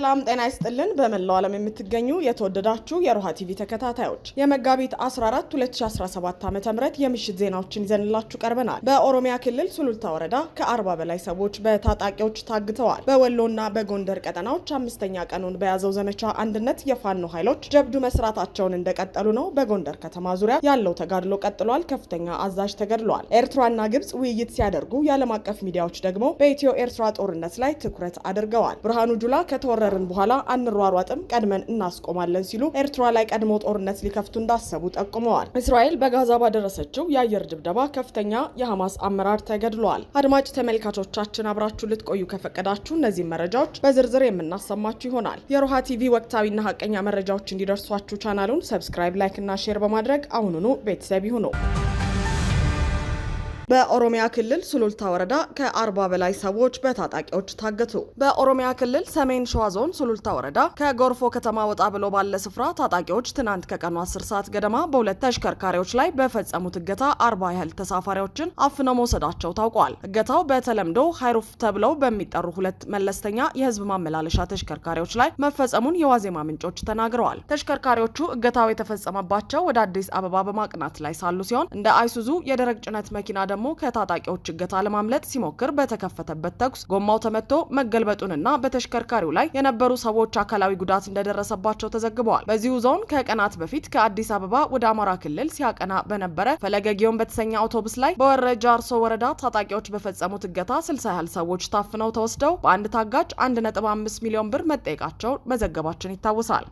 ሰላም ጤና ይስጥልን። በመላው ዓለም የምትገኙ የተወደዳችሁ የሮሃ ቲቪ ተከታታዮች የመጋቢት 14 2017 ዓ ም የምሽት ዜናዎችን ይዘንላችሁ ቀርበናል። በኦሮሚያ ክልል ሱሉልታ ወረዳ ከ40 በላይ ሰዎች በታጣቂዎች ታግተዋል። በወሎና በጎንደር ቀጠናዎች አምስተኛ ቀኑን በያዘው ዘመቻ አንድነት የፋኖ ኃይሎች ጀብዱ መስራታቸውን እንደቀጠሉ ነው። በጎንደር ከተማ ዙሪያ ያለው ተጋድሎ ቀጥሏል። ከፍተኛ አዛዥ ተገድሏል። ኤርትራና ግብፅ ውይይት ሲያደርጉ፣ የዓለም አቀፍ ሚዲያዎች ደግሞ በኢትዮ ኤርትራ ጦርነት ላይ ትኩረት አድርገዋል። ብርሃኑ ጁላ ከተወረ ከወረርን በኋላ አንሯሯጥም፣ ቀድመን እናስቆማለን ሲሉ ኤርትራ ላይ ቀድሞ ጦርነት ሊከፍቱ እንዳሰቡ ጠቁመዋል። እስራኤል በጋዛ ባደረሰችው የአየር ድብደባ ከፍተኛ የሐማስ አመራር ተገድሏል። አድማጭ ተመልካቾቻችን አብራችሁ ልትቆዩ ከፈቀዳችሁ እነዚህ መረጃዎች በዝርዝር የምናሰማችሁ ይሆናል። የሮሃ ቲቪ ወቅታዊና ሀቀኛ መረጃዎች እንዲደርሷችሁ ቻናሉን ሰብስክራይብ፣ ላይክ እና ሼር በማድረግ አሁኑኑ ቤተሰብ ይሁኑ። በኦሮሚያ ክልል ሱሉልታ ወረዳ ከአርባ በላይ ሰዎች በታጣቂዎች ታገቱ። በኦሮሚያ ክልል ሰሜን ሸዋ ዞን ሱሉልታ ወረዳ ከጎርፎ ከተማ ወጣ ብሎ ባለ ስፍራ ታጣቂዎች ትናንት ከቀኑ 10 ሰዓት ገደማ በሁለት ተሽከርካሪዎች ላይ በፈጸሙት እገታ አርባ ያህል ተሳፋሪዎችን አፍነው መውሰዳቸው ታውቋል። እገታው በተለምዶ ሀይሩፍ ተብለው በሚጠሩ ሁለት መለስተኛ የህዝብ ማመላለሻ ተሽከርካሪዎች ላይ መፈጸሙን የዋዜማ ምንጮች ተናግረዋል። ተሽከርካሪዎቹ እገታው የተፈጸመባቸው ወደ አዲስ አበባ በማቅናት ላይ ሳሉ ሲሆን እንደ አይሱዙ የደረቅ ጭነት መኪና ደግሞ ደግሞ ከታጣቂዎች እገታ ለማምለጥ ሲሞክር በተከፈተበት ተኩስ ጎማው ተመቶ መገልበጡንና በተሽከርካሪው ላይ የነበሩ ሰዎች አካላዊ ጉዳት እንደደረሰባቸው ተዘግበዋል። በዚሁ ዞን ከቀናት በፊት ከአዲስ አበባ ወደ አማራ ክልል ሲያቀና በነበረ ፈለገ ጊዮን በተሰኘ አውቶቡስ ላይ በወረ ጃርሶ ወረዳ ታጣቂዎች በፈጸሙት እገታ ስልሳ ያህል ሰዎች ታፍነው ተወስደው በአንድ ታጋጅ 1.5 ሚሊዮን ብር መጠየቃቸው መዘገባችን ይታወሳል።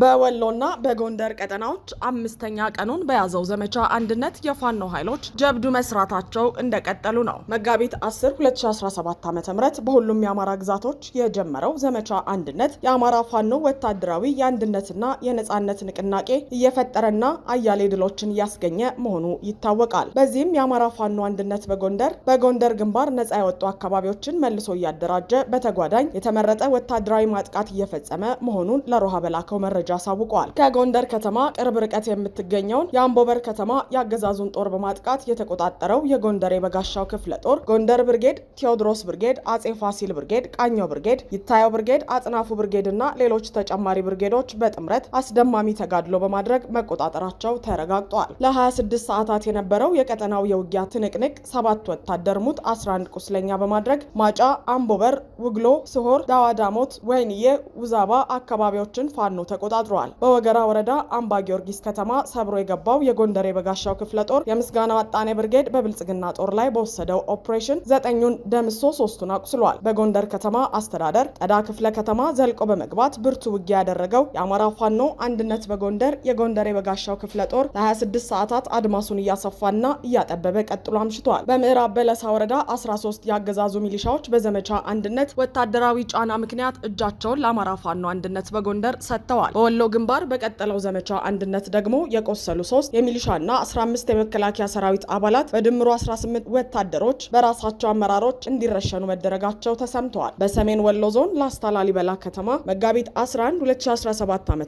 በወሎና በጎንደር ቀጠናዎች አምስተኛ ቀኑን በያዘው ዘመቻ አንድነት የፋኖ ኃይሎች ጀብዱ መስራታቸው እንደቀጠሉ ነው። መጋቢት 10 2017 ዓ ም በሁሉም የአማራ ግዛቶች የጀመረው ዘመቻ አንድነት የአማራ ፋኖ ወታደራዊ የአንድነትና የነፃነት ንቅናቄ እየፈጠረና አያሌ ድሎችን እያስገኘ መሆኑ ይታወቃል። በዚህም የአማራ ፋኖ አንድነት በጎንደር በጎንደር ግንባር ነፃ የወጡ አካባቢዎችን መልሶ እያደራጀ በተጓዳኝ የተመረጠ ወታደራዊ ማጥቃት እየፈጸመ መሆኑን ለሮሃ በላከው መረጃ መረጃ አሳውቀዋል። ከጎንደር ከተማ ቅርብ ርቀት የምትገኘውን የአምቦበር ከተማ የአገዛዙን ጦር በማጥቃት የተቆጣጠረው የጎንደር የበጋሻው ክፍለ ጦር ጎንደር ብርጌድ፣ ቴዎድሮስ ብርጌድ፣ አጼ ፋሲል ብርጌድ፣ ቃኘው ብርጌድ፣ ይታየው ብርጌድ፣ አጽናፉ ብርጌድ እና ሌሎች ተጨማሪ ብርጌዶች በጥምረት አስደማሚ ተጋድሎ በማድረግ መቆጣጠራቸው ተረጋግጧል። ለ26 ሰዓታት የነበረው የቀጠናው የውጊያ ትንቅንቅ ሰባት ወታደር ሙት፣ 11 ቁስለኛ በማድረግ ማጫ፣ አምቦበር፣ ውግሎ፣ ስሆር፣ ዳዋዳሞት፣ ወይንዬ፣ ውዛባ አካባቢዎችን ፋኖ ተቆጣ ተቆጣጥሯል። በወገራ ወረዳ አምባ ጊዮርጊስ ከተማ ሰብሮ የገባው የጎንደር የበጋሻው ክፍለ ጦር የምስጋና አጣኔ ብርጌድ በብልጽግና ጦር ላይ በወሰደው ኦፕሬሽን ዘጠኙን ደምሶ ሶስቱን አቁስሏል። በጎንደር ከተማ አስተዳደር ጠዳ ክፍለ ከተማ ዘልቆ በመግባት ብርቱ ውጊያ ያደረገው የአማራ ፋኖ አንድነት በጎንደር የጎንደር የበጋሻው ክፍለ ጦር ለ26 ሰዓታት አድማሱን እያሰፋና እያጠበበ ቀጥሎ አምሽቷል። በምዕራብ በለሳ ወረዳ 13 የአገዛዙ ሚሊሻዎች በዘመቻ አንድነት ወታደራዊ ጫና ምክንያት እጃቸውን ለአማራ ፋኖ አንድነት በጎንደር ሰጥተዋል። በወሎ ግንባር በቀጠለው ዘመቻ አንድነት ደግሞ የቆሰሉ ሶስት የሚሊሻና 15 የመከላከያ ሰራዊት አባላት በድምሩ 18 ወታደሮች በራሳቸው አመራሮች እንዲረሸኑ መደረጋቸው ተሰምተዋል። በሰሜን ወሎ ዞን ላስታ ላሊበላ ከተማ መጋቢት 11 2017 ዓ.ም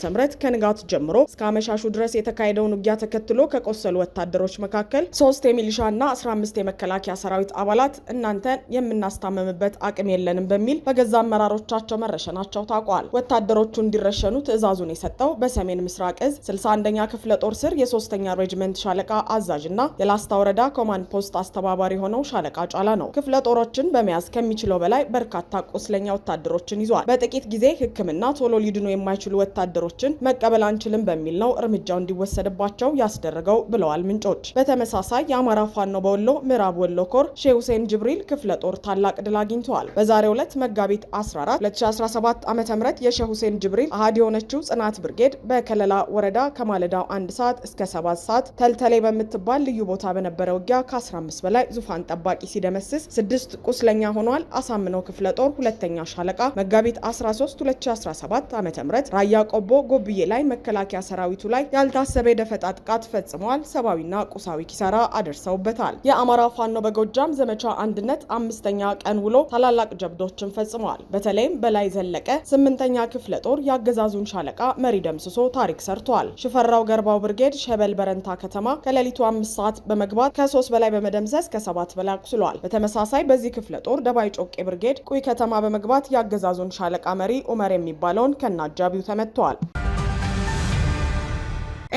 ከንጋት ጀምሮ እስከ አመሻሹ ድረስ የተካሄደውን ውጊያ ተከትሎ ከቆሰሉ ወታደሮች መካከል ሶስት የሚሊሻና 15 የመከላከያ ሰራዊት አባላት እናንተን የምናስታመምበት አቅም የለንም በሚል በገዛ አመራሮቻቸው መረሸናቸው ታውቋል። ወታደሮቹ እንዲረሸኑ ትዕዛዙ ትዕዛዙን የሰጠው በሰሜን ምስራቅ እዝ 61ኛ ክፍለ ጦር ስር የሶስተኛ ሬጅመንት ሻለቃ አዛዥ የላስታ ወረዳ ኮማንድ ፖስት አስተባባሪ የሆነው ሻለቃ ጫላ ነው። ክፍለ ጦሮችን በመያዝ ከሚችለው በላይ በርካታ ቁስለኛ ወታደሮችን ይዟል። በጥቂት ጊዜ ሕክምና ቶሎ ሊድኑ የማይችሉ ወታደሮችን መቀበል አንችልም በሚል ነው እርምጃው እንዲወሰድባቸው ያስደረገው ብለዋል ምንጮች። በተመሳሳይ የአማራ ፋኖ በወሎ ምዕራብ ወሎ ኮር ሼህ ሁሴን ጅብሪል ክፍለ ጦር ታላቅ ድል አግኝተዋል። በዛሬው ዕለት መጋቢት 14 2017 ዓ.ም የሼህ ሁሴን ጅብሪል አሃድ የሆነችው ጽናት ብርጌድ በከለላ ወረዳ ከማለዳው አንድ ሰዓት እስከ ሰባት ሰዓት ተልተሌ በምትባል ልዩ ቦታ በነበረ ውጊያ ከ15 በላይ ዙፋን ጠባቂ ሲደመስስ ስድስት ቁስለኛ ሆኗል። አሳምነው ክፍለ ጦር ሁለተኛ ሻለቃ መጋቢት 13 2017 ዓ ም ራያ ቆቦ ጎብዬ ላይ መከላከያ ሰራዊቱ ላይ ያልታሰበ የደፈጣ ጥቃት ፈጽመዋል። ሰብአዊና ቁሳዊ ኪሳራ አደርሰውበታል። የአማራ ፋኖ በጎጃም ዘመቻ አንድነት አምስተኛ ቀን ውሎ ታላላቅ ጀብዶችን ፈጽመዋል። በተለይም በላይ ዘለቀ ስምንተኛ ክፍለ ጦር ያገዛዙን ሻለቃ መሪ ደምስሶ ታሪክ ሰርቷል። ሽፈራው ገርባው ብርጌድ ሸበል በረንታ ከተማ ከሌሊቱ አምስት ሰዓት በመግባት ከሶስት በላይ በመደምሰስ ከሰባት በላይ አቁስሏል። በተመሳሳይ በዚህ ክፍለ ጦር ደባይ ጮቄ ብርጌድ ቁይ ከተማ በመግባት የአገዛዙን ሻለቃ መሪ ኡመር የሚባለውን ከናጃቢው አጃቢው ተመትተዋል።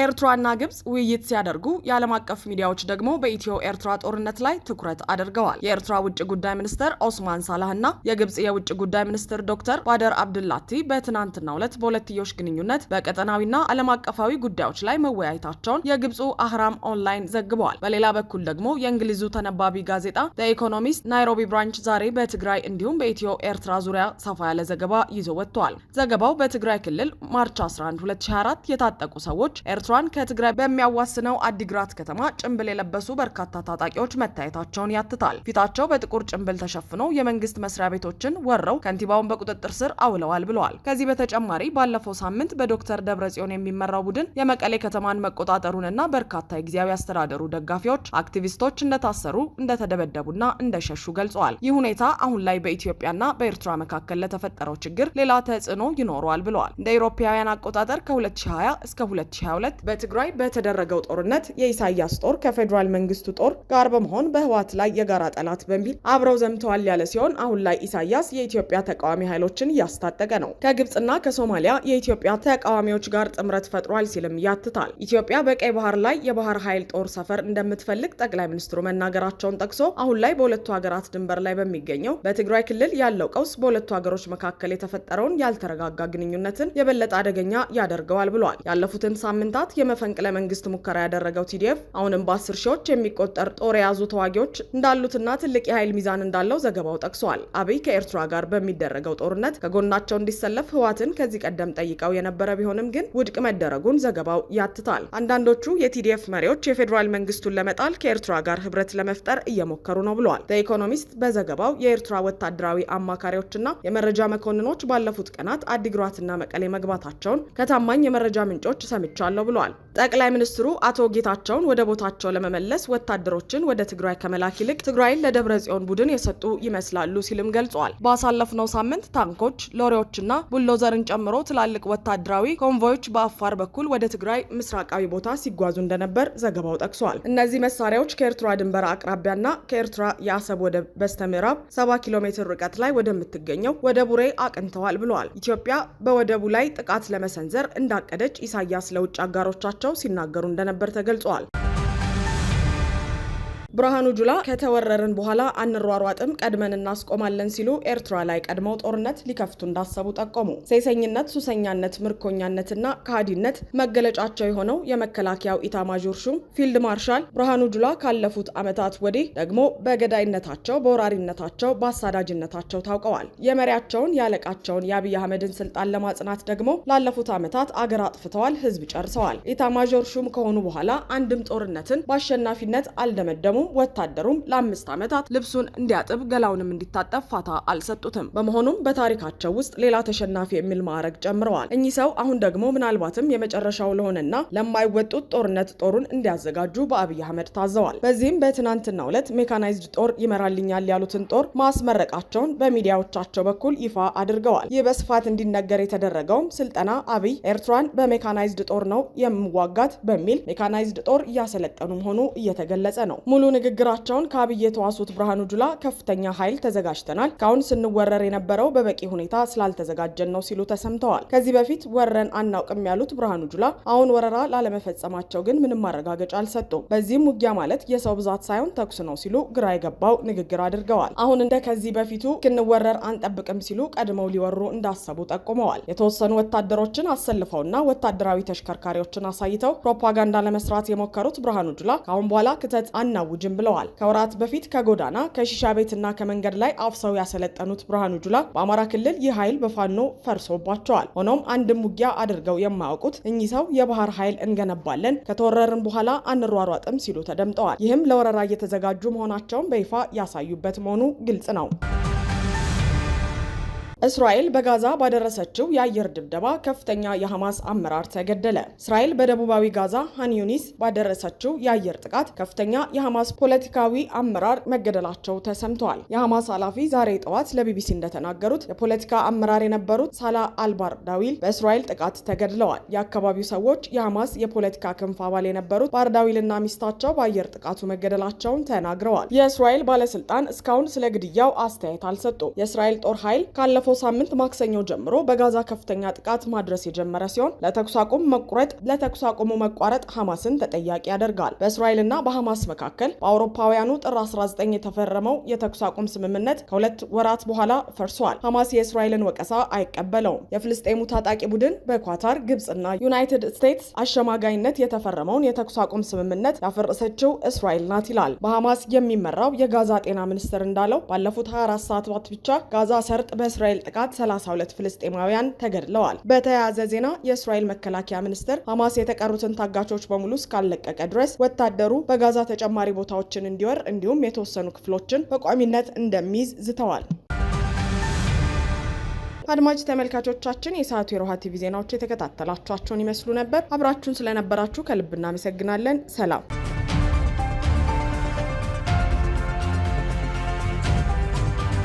ኤርትራና ግብጽ ውይይት ሲያደርጉ የዓለም አቀፍ ሚዲያዎች ደግሞ በኢትዮ ኤርትራ ጦርነት ላይ ትኩረት አድርገዋል። የኤርትራ ውጭ ጉዳይ ሚኒስትር ኦስማን ሳላህ የግብጽ የውጭ ጉዳይ ሚኒስትር ዶክተር ባደር አብድላቲ በትናንትናው ዕለት በሁለትዮሽ ግንኙነት በቀጠናዊና ዓለም አቀፋዊ ጉዳዮች ላይ መወያየታቸውን የግብፁ አህራም ኦንላይን ዘግበዋል። በሌላ በኩል ደግሞ የእንግሊዙ ተነባቢ ጋዜጣ በኢኮኖሚስት ናይሮቢ ብራንች ዛሬ በትግራይ እንዲሁም በኢትዮ ኤርትራ ዙሪያ ሰፋ ያለ ዘገባ ይዞ ወጥተዋል። ዘገባው በትግራይ ክልል ማርች 11 2024 የታጠቁ ሰዎች ኤርትራ ኤርትራን ከትግራይ በሚያዋስነው አዲግራት ከተማ ጭንብል የለበሱ በርካታ ታጣቂዎች መታየታቸውን ያትታል። ፊታቸው በጥቁር ጭንብል ተሸፍኖ የመንግስት መስሪያ ቤቶችን ወረው ከንቲባውን በቁጥጥር ስር አውለዋል ብለዋል። ከዚህ በተጨማሪ ባለፈው ሳምንት በዶክተር ደብረጽዮን የሚመራው ቡድን የመቀሌ ከተማን መቆጣጠሩንና በርካታ የጊዜያዊ አስተዳደሩ ደጋፊዎች፣ አክቲቪስቶች እንደታሰሩ እንደተደበደቡና እንደሸሹ ገልጸዋል። ይህ ሁኔታ አሁን ላይ በኢትዮጵያና በኤርትራ መካከል ለተፈጠረው ችግር ሌላ ተጽዕኖ ይኖረዋል ብለዋል። እንደ አውሮፓውያን አቆጣጠር ከ2020 እስከ 2022 በትግራይ በተደረገው ጦርነት የኢሳያስ ጦር ከፌዴራል መንግስቱ ጦር ጋር በመሆን በህወሓት ላይ የጋራ ጠላት በሚል አብረው ዘምተዋል ያለ ሲሆን አሁን ላይ ኢሳያስ የኢትዮጵያ ተቃዋሚ ኃይሎችን እያስታጠቀ ነው። ከግብፅና ከሶማሊያ የኢትዮጵያ ተቃዋሚዎች ጋር ጥምረት ፈጥሯል ሲልም ያትታል። ኢትዮጵያ በቀይ ባህር ላይ የባህር ኃይል ጦር ሰፈር እንደምትፈልግ ጠቅላይ ሚኒስትሩ መናገራቸውን ጠቅሶ አሁን ላይ በሁለቱ ሀገራት ድንበር ላይ በሚገኘው በትግራይ ክልል ያለው ቀውስ በሁለቱ ሀገሮች መካከል የተፈጠረውን ያልተረጋጋ ግንኙነትን የበለጠ አደገኛ ያደርገዋል ብሏል። ያለፉትን ሳምንታት ለወራት የመፈንቅለ መንግስት ሙከራ ያደረገው ቲዲኤፍ አሁንም በአስር ሺዎች የሚቆጠር ጦር የያዙ ተዋጊዎች እንዳሉትና ትልቅ የኃይል ሚዛን እንዳለው ዘገባው ጠቅሷል። አብይ ከኤርትራ ጋር በሚደረገው ጦርነት ከጎናቸው እንዲሰለፍ ህዋትን ከዚህ ቀደም ጠይቀው የነበረ ቢሆንም ግን ውድቅ መደረጉን ዘገባው ያትታል። አንዳንዶቹ የቲዲኤፍ መሪዎች የፌዴራል መንግስቱን ለመጣል ከኤርትራ ጋር ህብረት ለመፍጠር እየሞከሩ ነው ብለዋል። በኢኮኖሚስት በዘገባው የኤርትራ ወታደራዊ አማካሪዎችና የመረጃ መኮንኖች ባለፉት ቀናት አዲግሯትና መቀሌ መግባታቸውን ከታማኝ የመረጃ ምንጮች ሰምቻለሁ ብለዋል። ብሏል። ጠቅላይ ሚኒስትሩ አቶ ጌታቸውን ወደ ቦታቸው ለመመለስ ወታደሮችን ወደ ትግራይ ከመላክ ይልቅ ትግራይን ለደብረ ጽዮን ቡድን የሰጡ ይመስላሉ ሲልም ገልጿል። ባሳለፍነው ሳምንት ታንኮች፣ ሎሪዎችና ቡሎዘርን ጨምሮ ትላልቅ ወታደራዊ ኮንቮዮች በአፋር በኩል ወደ ትግራይ ምስራቃዊ ቦታ ሲጓዙ እንደነበር ዘገባው ጠቅሷል። እነዚህ መሳሪያዎች ከኤርትራ ድንበር አቅራቢያና ከኤርትራ የአሰብ ወደብ በስተ ምዕራብ 70 ኪሎ ሜትር ርቀት ላይ ወደምትገኘው ወደ ቡሬ አቅንተዋል ብለዋል። ኢትዮጵያ በወደቡ ላይ ጥቃት ለመሰንዘር እንዳቀደች ኢሳያስ ለውጭ አጋ አጋሮቻቸው ሲናገሩ እንደነበር ተገልጿል። ብርሃኑ ጁላ ከተወረርን በኋላ አንሯሯጥም ቀድመን እናስቆማለን ሲሉ ኤርትራ ላይ ቀድመው ጦርነት ሊከፍቱ እንዳሰቡ ጠቆሙ። ሴሰኝነት፣ ሱሰኛነት፣ ምርኮኛነትና ከሃዲነት መገለጫቸው የሆነው የመከላከያው ኢታማዦር ሹም ፊልድ ማርሻል ብርሃኑ ጁላ ካለፉት ዓመታት ወዲህ ደግሞ በገዳይነታቸው፣ በወራሪነታቸው፣ በአሳዳጅነታቸው ታውቀዋል። የመሪያቸውን የአለቃቸውን የአብይ አህመድን ስልጣን ለማጽናት ደግሞ ላለፉት ዓመታት አገር አጥፍተዋል፣ ህዝብ ጨርሰዋል። ኢታማዦር ሹም ከሆኑ በኋላ አንድም ጦርነትን በአሸናፊነት አልደመደሙም። በመሆኑም ወታደሩም ለአምስት ዓመታት ልብሱን እንዲያጥብ ገላውንም እንዲታጠብ ፋታ አልሰጡትም። በመሆኑም በታሪካቸው ውስጥ ሌላ ተሸናፊ የሚል ማዕረግ ጨምረዋል። እኚህ ሰው አሁን ደግሞ ምናልባትም የመጨረሻው ለሆነና ለማይወጡት ጦርነት ጦሩን እንዲያዘጋጁ በአብይ አህመድ ታዘዋል። በዚህም በትናንትናው ዕለት ሜካናይዝድ ጦር ይመራልኛል ያሉትን ጦር ማስመረቃቸውን በሚዲያዎቻቸው በኩል ይፋ አድርገዋል። ይህ በስፋት እንዲነገር የተደረገውም ስልጠና አብይ ኤርትራን በሜካናይዝድ ጦር ነው የምዋጋት በሚል ሜካናይዝድ ጦር እያሰለጠኑ መሆኑ እየተገለጸ ነው። ሙሉን ንግግራቸውን ከአብይ የተዋሱት ብርሃኑ ጁላ ከፍተኛ ኃይል ተዘጋጅተናል፣ ካሁን ስንወረር የነበረው በበቂ ሁኔታ ስላልተዘጋጀን ነው ሲሉ ተሰምተዋል። ከዚህ በፊት ወረን አናውቅም ያሉት ብርሃኑ ጁላ አሁን ወረራ ላለመፈጸማቸው ግን ምንም ማረጋገጫ አልሰጡም። በዚህም ውጊያ ማለት የሰው ብዛት ሳይሆን ተኩስ ነው ሲሉ ግራ የገባው ንግግር አድርገዋል። አሁን እንደ ከዚህ በፊቱ ክንወረር አንጠብቅም ሲሉ ቀድመው ሊወሩ እንዳሰቡ ጠቁመዋል። የተወሰኑ ወታደሮችን አሰልፈውና ወታደራዊ ተሽከርካሪዎችን አሳይተው ፕሮፓጋንዳ ለመስራት የሞከሩት ብርሃኑ ጁላ ከአሁን በኋላ ክተት አናውጅ ረጅም ብለዋል። ከወራት በፊት ከጎዳና ከሺሻ ቤትና ከመንገድ ላይ አፍሰው ያሰለጠኑት ብርሃኑ ጁላ በአማራ ክልል ይህ ኃይል በፋኖ ፈርሶባቸዋል። ሆኖም አንድም ውጊያ አድርገው የማያውቁት እኚህ ሰው የባህር ኃይል እንገነባለን፣ ከተወረርን በኋላ አንሯሯጥም ሲሉ ተደምጠዋል። ይህም ለወረራ እየተዘጋጁ መሆናቸውን በይፋ ያሳዩበት መሆኑ ግልጽ ነው። እስራኤል በጋዛ ባደረሰችው የአየር ድብደባ ከፍተኛ የሐማስ አመራር ተገደለ። እስራኤል በደቡባዊ ጋዛ ሃንዩኒስ ባደረሰችው የአየር ጥቃት ከፍተኛ የሐማስ ፖለቲካዊ አመራር መገደላቸው ተሰምተዋል። የሐማስ ኃላፊ ዛሬ ጠዋት ለቢቢሲ እንደተናገሩት የፖለቲካ አመራር የነበሩት ሳላ አልባር ዳዊል በእስራኤል ጥቃት ተገድለዋል። የአካባቢው ሰዎች የሐማስ የፖለቲካ ክንፍ አባል የነበሩት ባርዳዊልና ሚስታቸው በአየር ጥቃቱ መገደላቸውን ተናግረዋል። የእስራኤል ባለስልጣን እስካሁን ስለ ግድያው አስተያየት አልሰጡም። የእስራኤል ጦር ኃይል ካለፈ ካለፈው ሳምንት ማክሰኞ ጀምሮ በጋዛ ከፍተኛ ጥቃት ማድረስ የጀመረ ሲሆን ለተኩስ አቁም መቁረጥ ለተኩስ አቁሙ መቋረጥ ሐማስን ተጠያቂ ያደርጋል። በእስራኤልና በሐማስ መካከል በአውሮፓውያኑ ጥር 19 የተፈረመው የተኩስ አቁም ስምምነት ከሁለት ወራት በኋላ ፈርሷል። ሐማስ የእስራኤልን ወቀሳ አይቀበለውም። የፍልስጤሙ ታጣቂ ቡድን በኳታር ግብፅና ዩናይትድ ስቴትስ አሸማጋይነት የተፈረመውን የተኩስ አቁም ስምምነት ያፈረሰችው እስራኤል ናት ይላል። በሐማስ የሚመራው የጋዛ ጤና ሚኒስቴር እንዳለው ባለፉት 24 ሰዓታት ብቻ ጋዛ ሰርጥ በእስራኤል በእስራኤል ጥቃት 32 ፍልስጤማውያን ተገድለዋል። በተያያዘ ዜና የእስራኤል መከላከያ ሚኒስትር ሐማስ የተቀሩትን ታጋቾች በሙሉ እስካለቀቀ ድረስ ወታደሩ በጋዛ ተጨማሪ ቦታዎችን እንዲወር እንዲሁም የተወሰኑ ክፍሎችን በቋሚነት እንደሚይዝ ዝተዋል። አድማጭ ተመልካቾቻችን የሰዓቱ የሮሃ ቲቪ ዜናዎች የተከታተላችኋቸውን ይመስሉ ነበር። አብራችሁን ስለነበራችሁ ከልብ እናመሰግናለን። ሰላም